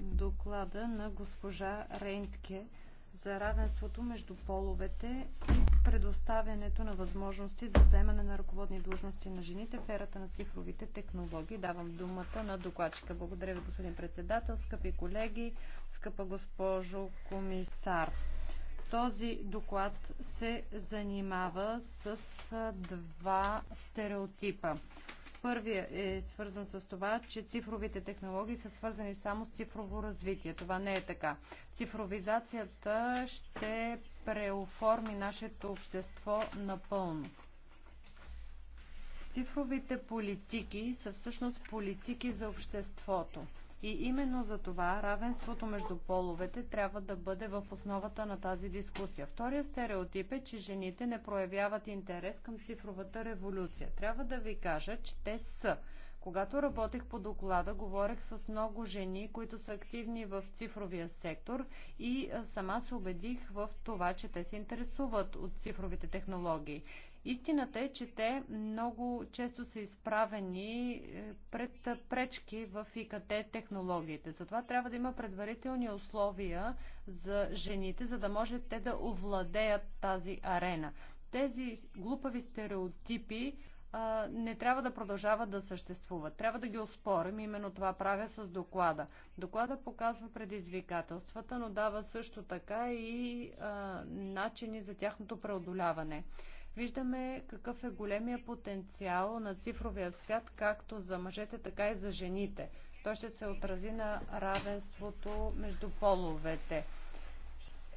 доклада на госпожа Рентке за равенството между половете и предоставянето на възможности за вземане на ръководни длъжности на жените в ерата на цифровите технологии. Давам думата на докладчика. Благодаря ви, господин председател, скъпи колеги, скъпа госпожо комисар. Този доклад се занимава с два стереотипа. Първият е свързан с това, че цифровите технологии са свързани само с цифрово развитие. Това не е така. Цифровизацията ще преоформи нашето общество напълно. Цифровите политики са всъщност политики за обществото. И именно за това равенството между половете трябва да бъде в основата на тази дискусия. Втория стереотип е, че жените не проявяват интерес към цифровата революция. Трябва да ви кажа, че те са. Когато работех по доклада, говорех с много жени, които са активни в цифровия сектор и сама се убедих в това, че те се интересуват от цифровите технологии. Истината е, че те много често са изправени е, пред пречки в ИКТ технологиите. Затова трябва да има предварителни условия за жените, за да може те да овладеят тази арена. Тези глупави стереотипи е, не трябва да продължават да съществуват. Трябва да ги оспорим. Именно това правя с доклада. Доклада показва предизвикателствата, но дава също така и а, е, начини за тяхното преодоляване. Виждаме какъв е големия потенциал на цифровия свят, както за мъжете, така и за жените. Той ще се отрази на равенството между половете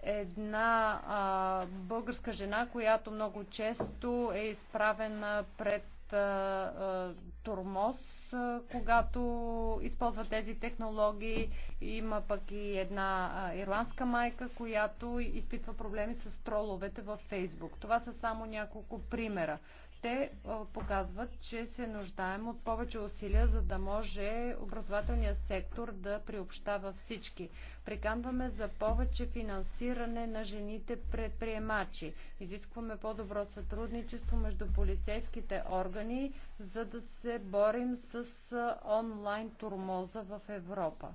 една а, българска жена, която много често е изправена пред а, а, тормоз когато използват тези технологии. Има пък и една ирландска майка, която изпитва проблеми с троловете във Фейсбук. Това са само няколко примера те показват, че се нуждаем от повече усилия, за да може образователният сектор да приобщава всички. Приканваме за повече финансиране на жените предприемачи. Изискваме по-добро сътрудничество между полицейските органи, за да се борим с онлайн турмоза в Европа.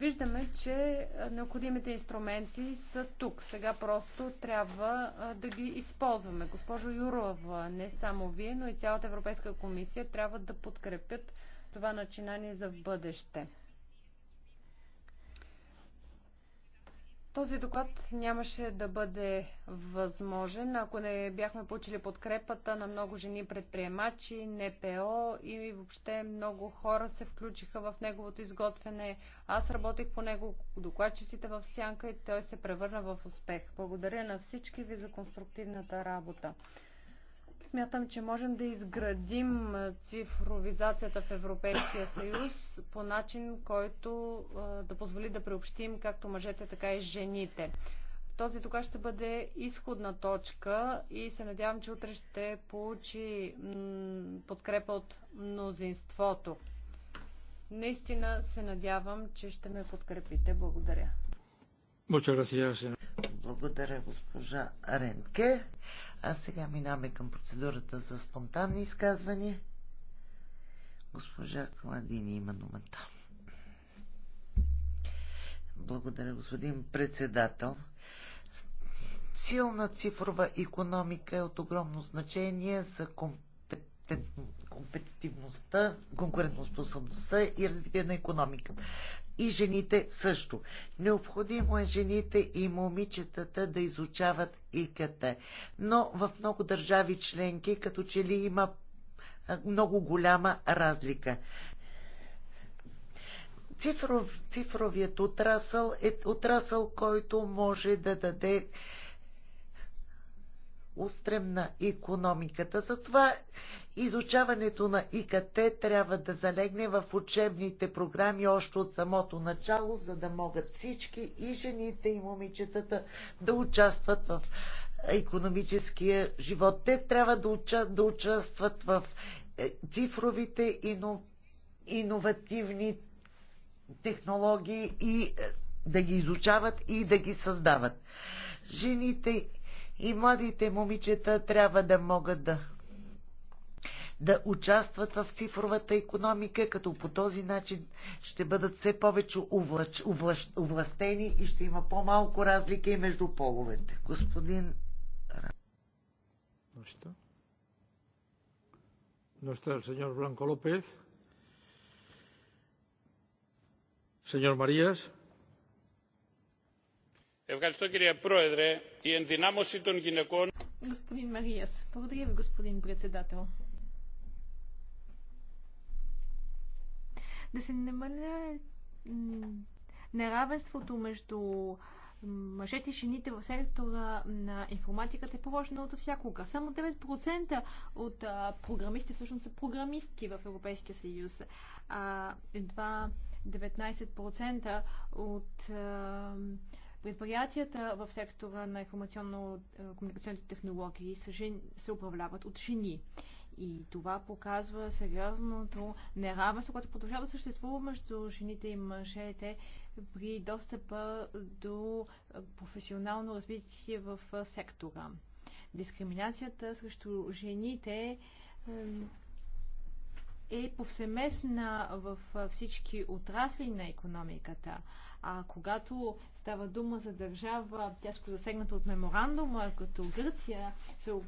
Виждаме, че необходимите инструменти са тук. Сега просто трябва да ги използваме. Госпожо Юрова, не само вие, но и цялата Европейска комисия трябва да подкрепят това начинание за бъдеще. Този доклад нямаше да бъде възможен, ако не бяхме получили подкрепата на много жени предприемачи, НПО и въобще много хора се включиха в неговото изготвяне. Аз работих по него, докладчиците в сянка и той се превърна в успех. Благодаря на всички ви за конструктивната работа. Смятам, че можем да изградим цифровизацията в Европейския съюз по начин, който да позволи да приобщим както мъжете, така и жените. Този тогава ще бъде изходна точка и се надявам, че утре ще получи подкрепа от мнозинството. Наистина се надявам, че ще ме подкрепите. Благодаря. Благодаря, госпожа Ренке. А сега минаваме към процедурата за спонтанни изказвания. Госпожа Кладини има думата. Благодаря, господин председател. Силна цифрова економика е от огромно значение за компетентност компетитивността, конкурентоспособността и развитие на економиката. И жените също. Необходимо е жените и момичетата да изучават ИКТ. Но в много държави членки, като че ли има много голяма разлика. Цифров, цифровият отрасъл е отрасъл, който може да даде устрем на економиката. Затова изучаването на ИКТ трябва да залегне в учебните програми още от самото начало, за да могат всички и жените и момичетата да участват в економическия живот. Те трябва да, уча, да участват в е, цифровите ино, иновативни технологии и е, да ги изучават и да ги създават. Жените и младите момичета трябва да могат да да участват в цифровата економика, като по този начин ще бъдат все повече овлач, овлаш, увластени и ще има по-малко разлики между половете. Господин... No está. No está el señor Blanco López. Señor Marías. Господин Мариас, благодаря ви, господин председател. Да се намаля неравенството между мъжете и жените в сектора на информатиката е положено от всякога. Само 9% от а, програмисти всъщност са програмистки в Европейския съюз. А, едва 19% от а, Предприятията в сектора на информационно-комуникационните е, технологии са, жен... се управляват от жени. И това показва сериозното неравенство, което продължава да съществува между жените и мъжете при достъпа до е, професионално развитие в е, сектора. Дискриминацията срещу жените е повсеместна в всички отрасли на економиката. А когато става дума за държава, тяско засегната от меморандума, като Гърция,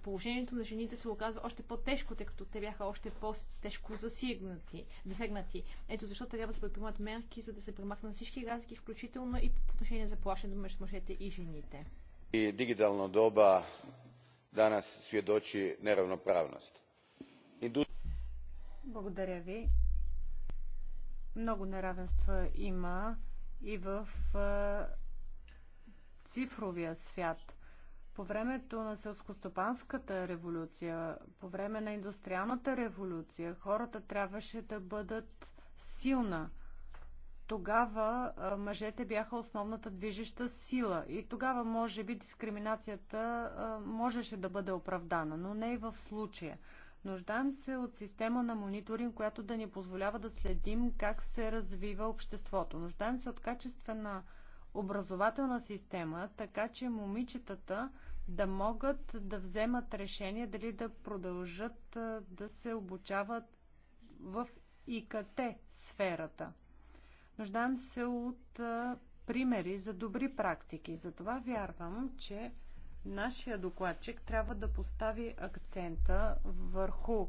положението на жените се оказва още по-тежко, тъй като те бяха още по-тежко засегнати. засегнати. Ето защо трябва да се предприемат мерки, за да се премахнат всички разлики, включително и по отношение за плащането между мъжете и жените. И дигитална доба danas svjedoči неравноправност. Благодаря ви. Много неравенства има и в цифровия свят. По времето на селскостопанската революция, по време на индустриалната революция, хората трябваше да бъдат силна. Тогава мъжете бяха основната движеща сила и тогава може би дискриминацията можеше да бъде оправдана, но не и в случая. Нуждаем се от система на мониторинг, която да ни позволява да следим как се развива обществото. Нуждаем се от качествена образователна система, така че момичетата да могат да вземат решение дали да продължат да се обучават в ИКТ сферата. Нуждаем се от примери за добри практики. Затова вярвам, че Нашия докладчик трябва да постави акцента върху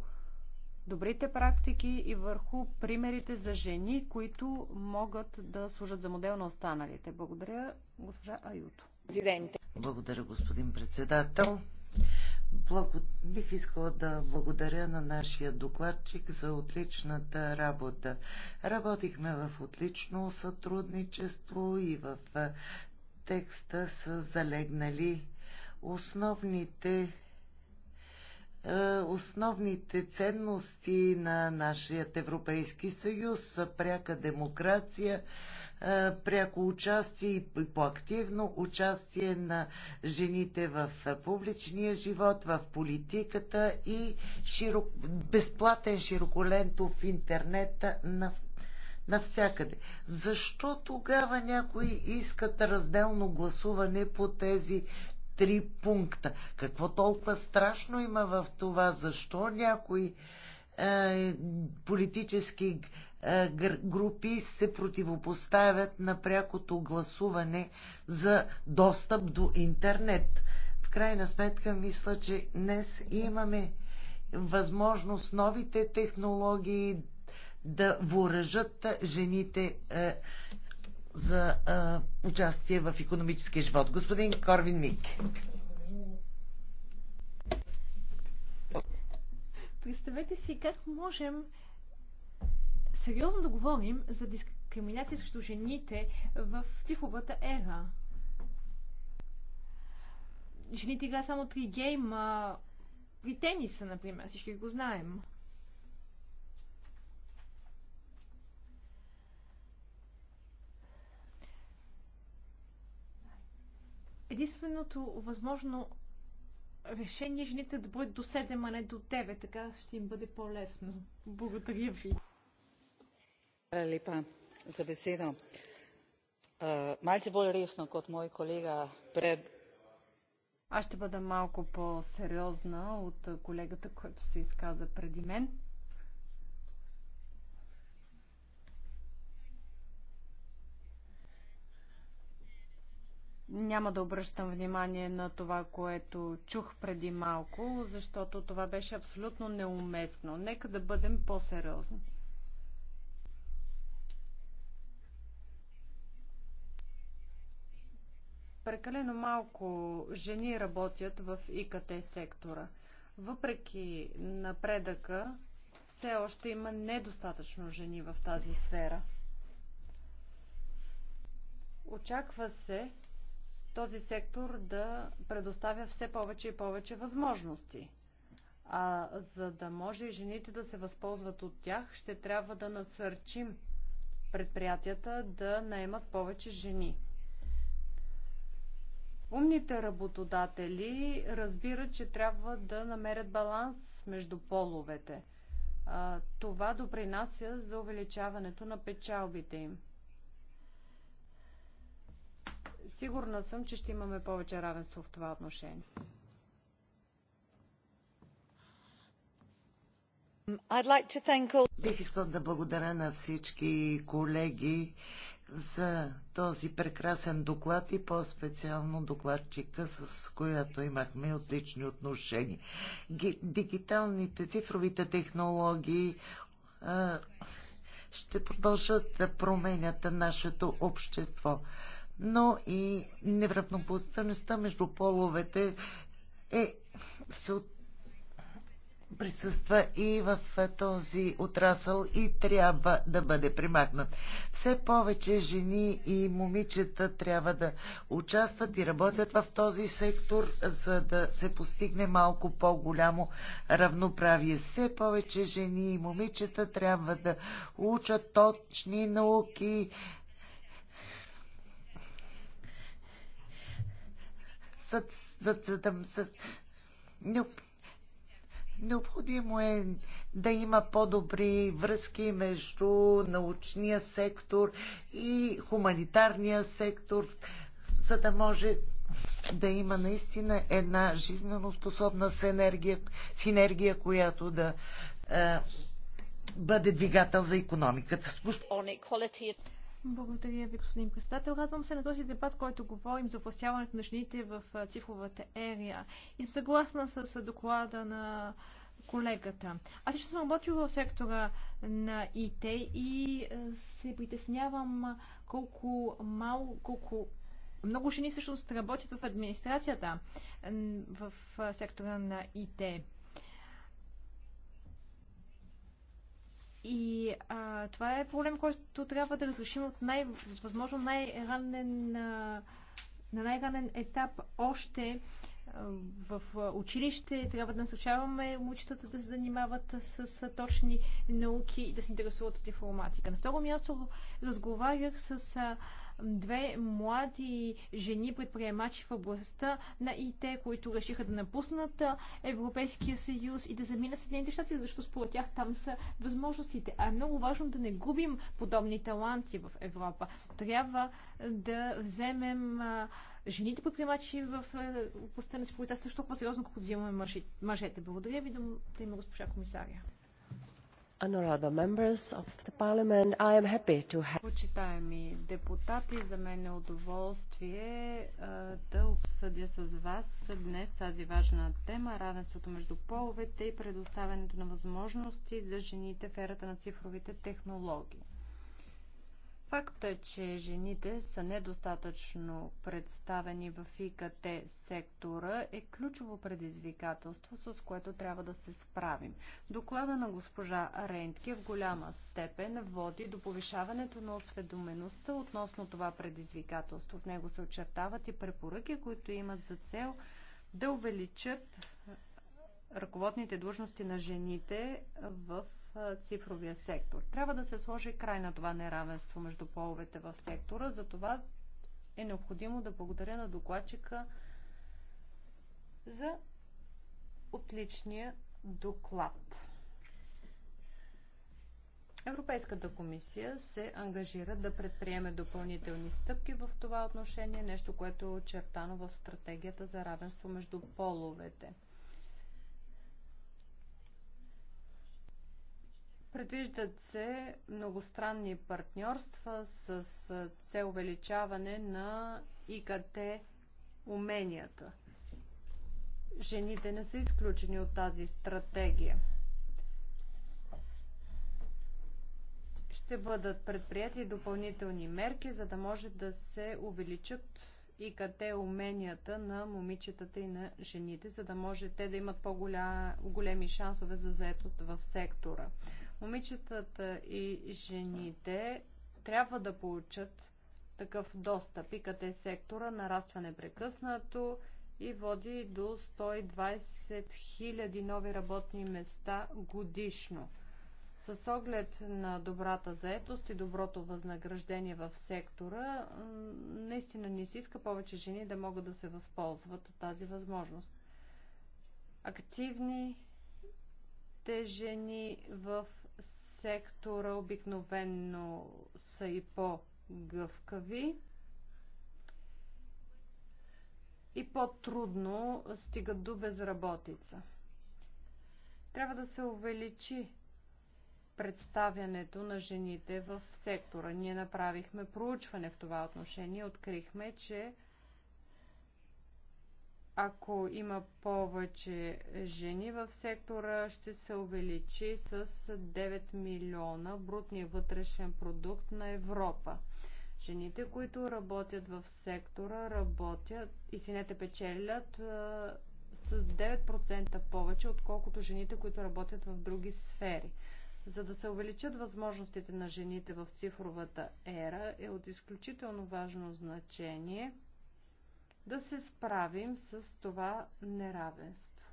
добрите практики и върху примерите за жени, които могат да служат за модел на останалите. Благодаря, госпожа Аюто. Благодаря, господин председател. Благо... Бих искала да благодаря на нашия докладчик за отличната работа. Работихме в отлично сътрудничество и в текста са залегнали основните е, основните ценности на нашия Европейски съюз са пряка демокрация, е, пряко участие и по-активно участие на жените в публичния живот, в политиката и широк, безплатен широколентов интернет на навсякъде. Защо тогава някои искат разделно гласуване по тези три пункта. Какво толкова страшно има в това? Защо някои е, политически е, групи се противопоставят на прякото гласуване за достъп до интернет? В крайна сметка, мисля, че днес имаме възможност новите технологии да въоръжат жените е, за а, участие в економическия живот. Господин Корвин Мик. Представете си как можем сериозно да говорим за дискриминация срещу жените в цифровата ера. Жените играят само три гейма при тениса, например, всички го знаем. единственото възможно решение е жените да бъдат до 7, а не до 9. Така ще им бъде по-лесно. Благодаря ви. Лепа за беседо. Малце болj resno kot moj kolega пред. Аз ще бъда малко по-сериозна от колегата, който се изказа преди мен. Няма да обръщам внимание на това, което чух преди малко, защото това беше абсолютно неуместно. Нека да бъдем по-сериозни. Прекалено малко жени работят в ИКТ сектора. Въпреки напредъка, все още има недостатъчно жени в тази сфера. Очаква се този сектор да предоставя все повече и повече възможности. А за да може и жените да се възползват от тях, ще трябва да насърчим предприятията да наемат повече жени. Умните работодатели разбират, че трябва да намерят баланс между половете. Това допринася за увеличаването на печалбите им. Сигурна съм, че ще имаме повече равенство в това отношение. Like all... Бих искал да благодаря на всички колеги за този прекрасен доклад и по-специално докладчика, с която имахме отлични отношения. Дигиталните, цифровите технологии ще продължат да променят нашето общество но и неравнопоставеността между половете е, се от... присъства и в този отрасъл и трябва да бъде примахнат. Все повече жени и момичета трябва да участват и работят в този сектор, за да се постигне малко по-голямо равноправие. Все повече жени и момичета трябва да учат точни науки, за, за, за, за, за, Необходимо е да има по-добри връзки между научния сектор и хуманитарния сектор, за да може да има наистина една жизненоспособна синергия, синергия която да е, бъде двигател за економиката. Благодаря ви, господин председател. Радвам се на този дебат, който говорим за властяването на жените в цифровата ерия. И съм съгласна с доклада на колегата. Аз лично съм работила в сектора на ИТ и се притеснявам колко малко, колко много жени всъщност работят в администрацията в сектора на ИТ. И а, това е проблем, който трябва да разрешим от най- възможно най-ранен на най-ранен етап още в училище трябва да насърчаваме момичетата да се занимават с точни науки и да се интересуват от информатика. На второ място разговарях с две млади жени предприемачи в областта на ИТ, които решиха да напуснат Европейския съюз и да заминат Съединените щати, защото според тях там са възможностите. А е много важно да не губим подобни таланти в Европа. Трябва да вземем жените предприемачи в е, областта на сигурността също толкова сериозно, колкото взимаме мъжете. Благодаря ви, да има госпожа комисаря. Почитаеми депутати, за мен е удоволствие да обсъдя с вас днес тази важна тема равенството между половете и предоставянето на възможности за жените в ерата на цифровите технологии. Факта, е, че жените са недостатъчно представени в ИКТ сектора е ключово предизвикателство, с което трябва да се справим. Доклада на госпожа Рентке в голяма степен води до повишаването на осведомеността относно това предизвикателство. В него се очертават и препоръки, които имат за цел да увеличат ръководните длъжности на жените в цифровия сектор. Трябва да се сложи край на това неравенство между половете в сектора. За това е необходимо да благодаря на докладчика за отличния доклад. Европейската комисия се ангажира да предприеме допълнителни стъпки в това отношение, нещо, което е очертано в стратегията за равенство между половете. Предвиждат се многостранни партньорства с цел увеличаване на ИКТ уменията. Жените не са изключени от тази стратегия. Ще бъдат предприяти допълнителни мерки, за да може да се увеличат и къде уменията на момичетата и на жените, за да може те да имат по-големи шансове за заетост в сектора. Момичетата и жените трябва да получат такъв достъп. ИКТ сектора нараства непрекъснато и води до 120 000 нови работни места годишно. С оглед на добрата заетост и доброто възнаграждение в сектора, наистина не се иска повече жени да могат да се възползват от тази възможност. Активни те жени в сектора обикновенно са и по-гъвкави и по-трудно стигат до безработица. Трябва да се увеличи представянето на жените в сектора. Ние направихме проучване в това отношение. Открихме, че ако има повече жени в сектора, ще се увеличи с 9 милиона брутния вътрешен продукт на Европа. Жените, които работят в сектора, работят и сините печелят а, с 9% повече, отколкото жените, които работят в други сфери. За да се увеличат възможностите на жените в цифровата ера е от изключително важно значение – да се справим с това неравенство.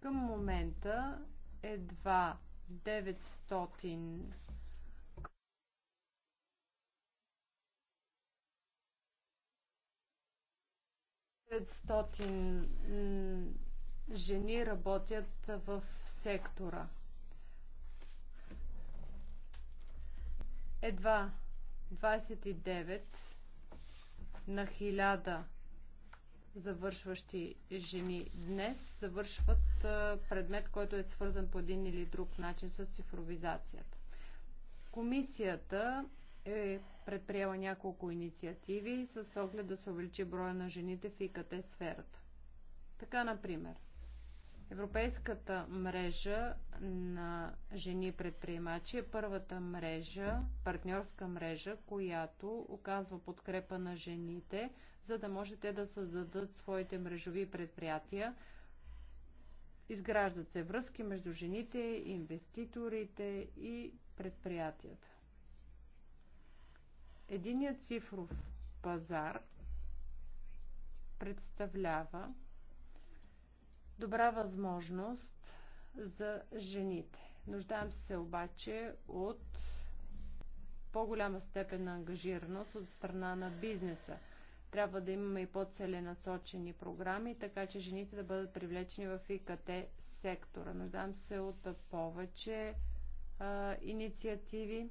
Към момента едва 900 500 жени работят в сектора. Едва 29 на 1000 завършващи жени днес завършват предмет, който е свързан по един или друг начин с цифровизацията. Комисията е предприела няколко инициативи с оглед да се увеличи броя на жените в ИКТ сферата. Така, например, Европейската мрежа на жени предприемачи е първата мрежа, партньорска мрежа, която оказва подкрепа на жените, за да може те да създадат своите мрежови предприятия. Изграждат се връзки между жените, инвеститорите и предприятията. Единият цифров пазар представлява добра възможност за жените. Нуждаем се обаче от по-голяма степен на ангажираност от страна на бизнеса. Трябва да имаме и по-целенасочени програми, така че жените да бъдат привлечени в ИКТ сектора. Нуждаем се от повече а, инициативи.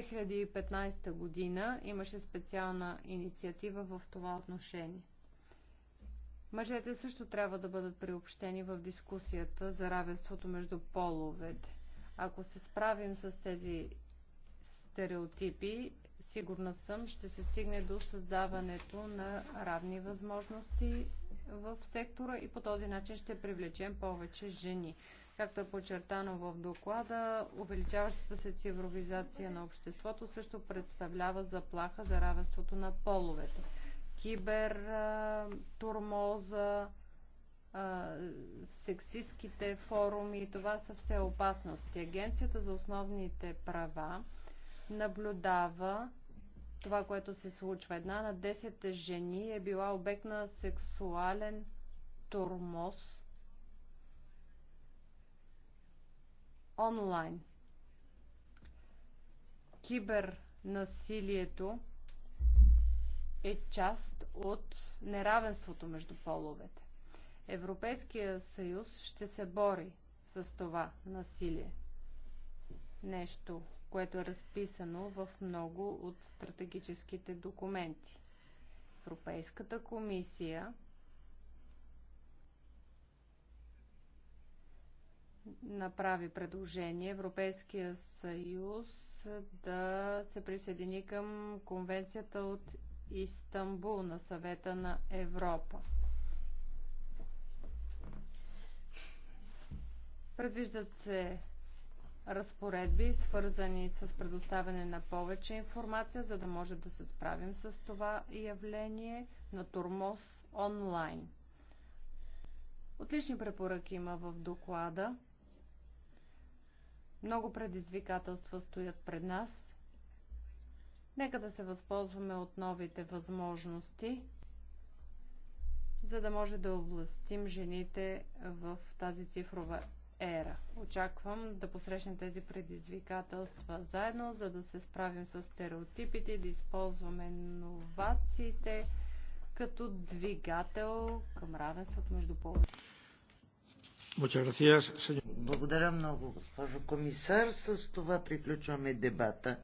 2015 година имаше специална инициатива в това отношение. Мъжете също трябва да бъдат приобщени в дискусията за равенството между половете. Ако се справим с тези стереотипи, сигурна съм, ще се стигне до създаването на равни възможности в сектора и по този начин ще привлечем повече жени. Както е подчертано в доклада, увеличаващата се цифровизация на обществото също представлява заплаха за равенството на половете. Кибер, турмоза, сексистските форуми, това са все опасности. Агенцията за основните права наблюдава това, което се случва. Една на 10 жени е била обект на сексуален тормоз онлайн. Кибернасилието е част от неравенството между половете. Европейския съюз ще се бори с това насилие. Нещо, което е разписано в много от стратегическите документи. Европейската комисия направи предложение Европейския съюз да се присъедини към конвенцията от Истанбул на съвета на Европа. Предвиждат се разпоредби, свързани с предоставяне на повече информация, за да може да се справим с това явление на турмоз онлайн. Отлични препоръки има в доклада. Много предизвикателства стоят пред нас. Нека да се възползваме от новите възможности, за да може да областим жените в тази цифрова ера. Очаквам да посрещнем тези предизвикателства заедно, за да се справим с стереотипите, да използваме новациите като двигател към равенството между полите. Благодаря много, госпожо комисар. С това приключваме дебата.